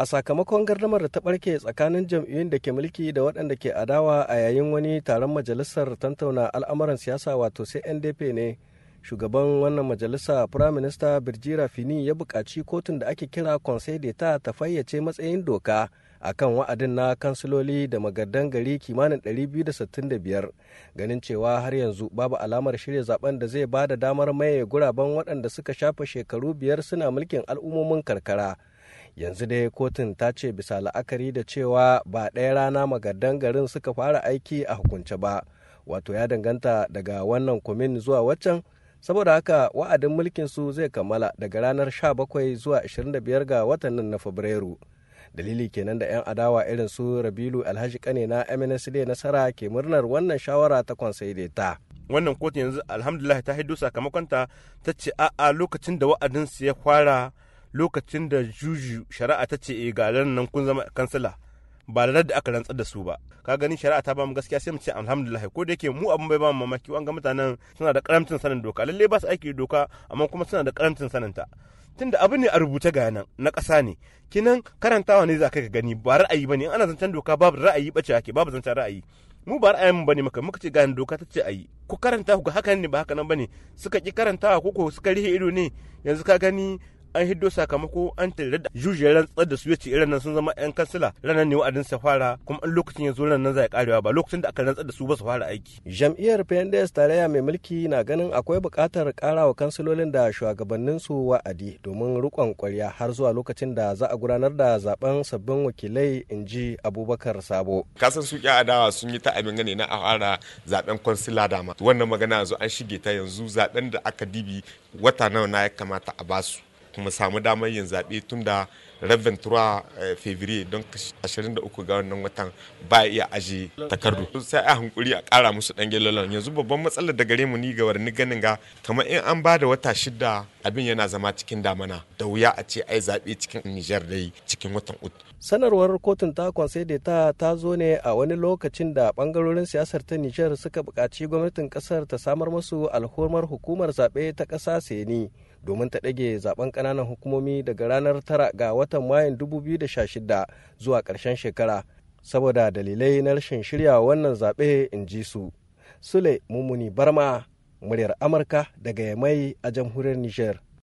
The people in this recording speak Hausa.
a sakamakon gardamar da ta barke tsakanin jam'iyyun da ke mulki da waɗanda ke adawa a yayin wani taron majalisar tantauna al'amuran siyasa wato sai ndp ne shugaban wannan majalisa prime minister birjira fini ya buƙaci kotun da ake kira conseil d'etat ta fayyace matsayin doka a kan wa'adin na kansiloli da magardan gari kimanin 265 ganin cewa har yanzu babu alamar shirya zaben da zai ba da damar maye guraben waɗanda suka shafa shekaru biyar suna mulkin al'ummomin karkara yanzu dai kotun ta ce bisa la'akari da cewa ba ɗaya rana magadan garin suka fara aiki a hukunce ba wato ya danganta daga wannan kwamin zuwa waccan saboda haka wa'adin mulkinsu zai kammala daga ranar 17 zuwa 25 ga watan nan na fabrairu dalili kenan da 'yan adawa irin su rabilu alhaji kane na mnsd nasara ke murnar wannan shawara ta ta. wannan kotun yanzu alhamdulillah ta haidu sakamakonta ta ce a'a lokacin da wa'adin su ya fara lokacin da juju shari'a ta ce eh, ga nan kun zama kansila ba da da aka rantsar da su ba ka gani shari'a ta ba mu gaskiya sai mu ce alhamdulillah ko da yake mu abin bai ba mu mamaki an ga mutanen suna da karamcin sanin doka lalle ba su aiki doka amma kuma suna da karamcin sanin ta tunda abu ne a rubuce ga nan na ƙasa ne kinan karantawa ne za ka gani ba ra'ayi bane ana zancen doka babu ra'ayi bace ake babu zancen ra'ayi mu ba ra'ayin mu bane maka muka ce ga doka ta ce ayi ku karanta ku haka ne ba haka nan bane suka ki karantawa ko ko suka rihe ido ne yanzu ka gani an hiddo sakamako an tare da jujiyar rantsar da su ya ce irin nan sun zama yan kansila ranar ne wa'adin sa fara kuma an lokacin ya zo ran nan za karewa ba lokacin da aka rantsar da su ba su fara aiki. Jam'iyyar PNDS tarayya mai mulki na ganin akwai buƙatar wa kansilolin da shugabannin su wa'adi domin riƙon ƙwarya har zuwa lokacin da za a gudanar da zaben sabbin wakilai in ji Abubakar Sabo. Kasan su ƙya adawa sun yi ta abin gane na a fara zaben kansila dama. Wannan magana yanzu an shige ta yanzu zaben da aka dibi wata nawa na ya kamata a basu. mu samu damar yin zaɓe tun da rabin tura eh, fevrier don 23 ga wannan watan ba iya aji takardu sai a hankuri a kara musu ɗan gelolon yanzu babban matsalar da gare mu ni ga warni ganin ga kamar in an ba da wata shida abin yana zama cikin damana da wuya a ce ai zaɓe cikin nijar dai cikin watan ut sanarwar kotun ta ta ta zo ne a wani lokacin da bangarorin siyasar ta nijar suka bukaci gwamnatin kasar ta samar musu alhormar hukumar zaɓe ta ƙasa seni domin ta ɗage zaben ƙananan hukumomi daga ranar tara ga watan mayun 2016 zuwa ƙarshen shekara saboda dalilai na rashin shirya wannan zaɓe in ji su. Sule mummuni Barma, muryar Amurka daga Yamai a jamhuriyar Nijar.